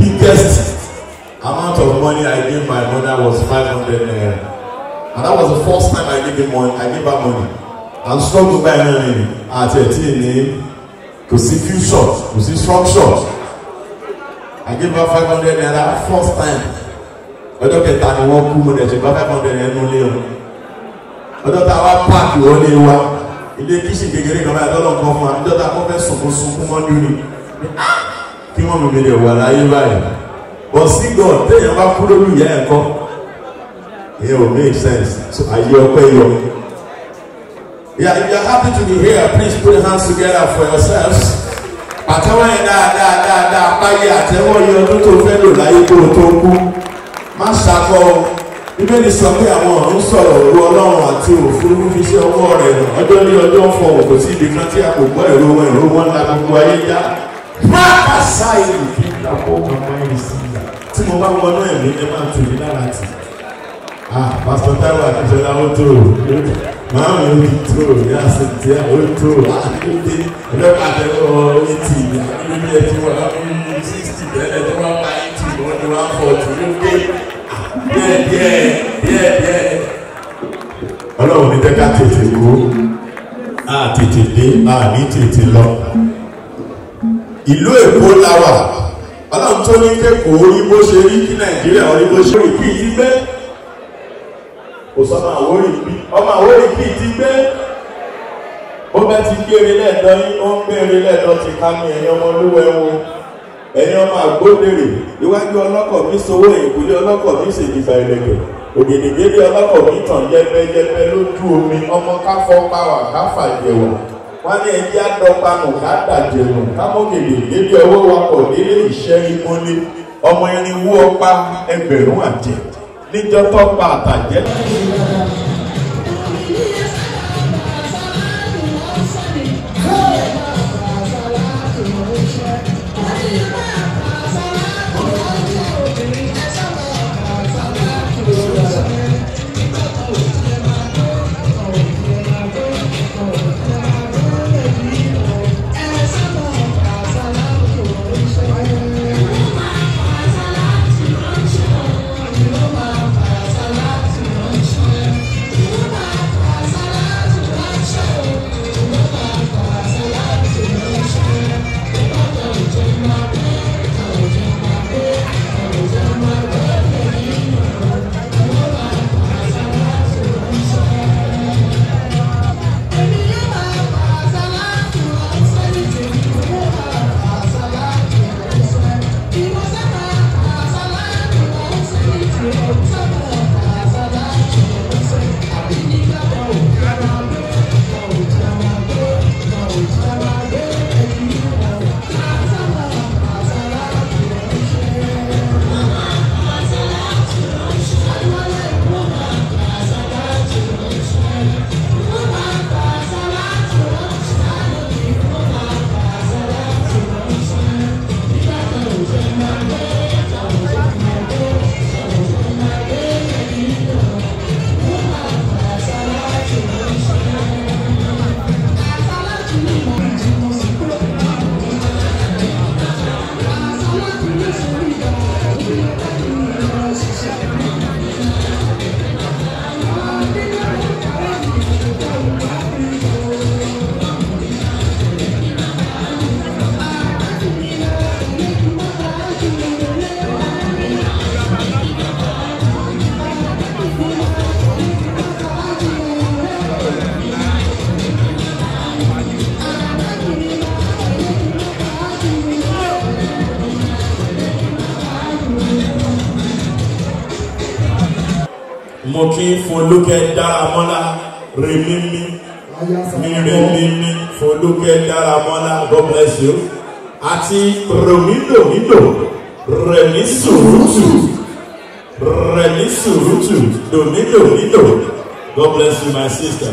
biggest amount of money I gave my mother was 500 naira. And that was the first time I gave him money. I gave her money. And struggle by money at 13 name. Kò sí future, kò sí shots. I gave her 500 naira first time. Ọjọ́ kẹta ni wọ́n kú mo dẹ̀ ṣe gba 500 naira nínú ilé wọn. Ọjọ́ tá a wá páàkì wọlé wa. Ilé kíṣìn kékeré kan báyìí tọ́lọ̀ nǹkan fún wa. I don't know kọ́ fẹ́ sọ̀kún sunkún mọ́ndúrì. Ah! kí wọ́n mi lè wà láyé báyìí but see God téèyàn bá kú lórí ìyá ẹ̀ ìyẹn ò make sense so ayé ọpẹ́ yọ. Yeah, if you are happy to be here, please put your hands together for yourselves. Àtẹ́wọ́ yẹn dáadáa dáadáa apáyé àtẹ́wọ́ yẹn ọdún tó fẹ́ lò láyé kó tó kú. Má ṣàkọ́ o. Bíbélì sọ pé àwọn ọ̀run sọ̀rọ̀ òru Ọlọ́run àti òfurufú fi ṣe ọwọ́ rẹ̀ Ọjọ́ ní ọjọ́ fọ̀ òkò sí ibìkan tí a kò gbọ́ èrò wọn ìró wọn ńlá ayé já prophesy in the kingdom of God and receive that tí mo bá wọnú ẹ̀mí ẹ máa tù mí lára tì ah pastor Taiwo Akíntọ́lá ó tó máa ah, mi ó ti tó ní àṣetì ó tó àdúgbò ẹlẹ́pàá àtẹwọ́ etí àdúgbò ẹtí wọn àdúgbò sixty bẹ́ẹ̀ tó wá pa etí wọn ni wọn fọ tó ló dé díẹ̀ díẹ̀ díẹ̀ díẹ̀. ọlọ́run ní tẹ́ka tètè kú a tètè dé a ní tètè lọ ìlú èkó la wà ọlọ́run tó ní kẹ́kọ̀ọ́ orí bó ṣe rí kí nàìjíríà orí bó ṣe rí kí ti gbé kò sọ ọmọ àwórì bí ọmọ àwórì kí ti gbé ó bẹ ti gbére lẹ́ẹ̀dọ́ yín ó ń gbére lẹ́ẹ̀dọ́ ti ká mi ẹ̀yin ọmọ olúwẹ̀ wo ẹ̀yin ọmọ àgbódèrè iwájú ọlọ́kọ̀ mi sowó ìkúlé ọlọ́kọ̀ mi ṣèjìbà ìrẹ̀kẹ̀ ògèdègbèdè ọlọ́kọ̀ mi tàn jẹ́pẹ́jẹ́pẹ́ lójú omi ọmọ káfọ́ pàwà káfà jẹ̀wọ̀ wọn ní ẹbí adọpanù kádàjẹnu kámọkèlè débi ọwọ́ wakọ délé ìṣẹ ìmọlé ọmọ irinwó ọpa ẹgbẹ̀rún àjẹ níjọ tọpa àtàjẹ. mo kí folúkẹ́ dáramọ́lá rèmí mi mi rèmí mi folúkẹ́ dáramọ́lá God bless you àti rèmílòmílò rèmí sùrùtù rèmí sùrùtù lòmílòmílò God bless you my sister.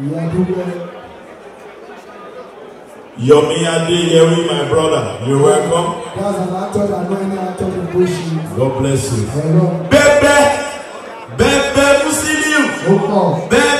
Ìyá Yomi Adeyemi, my brother, you're welcome. That's an actor that no any actor in God bless you. Bebe, Bebe Musiliu. Bebe.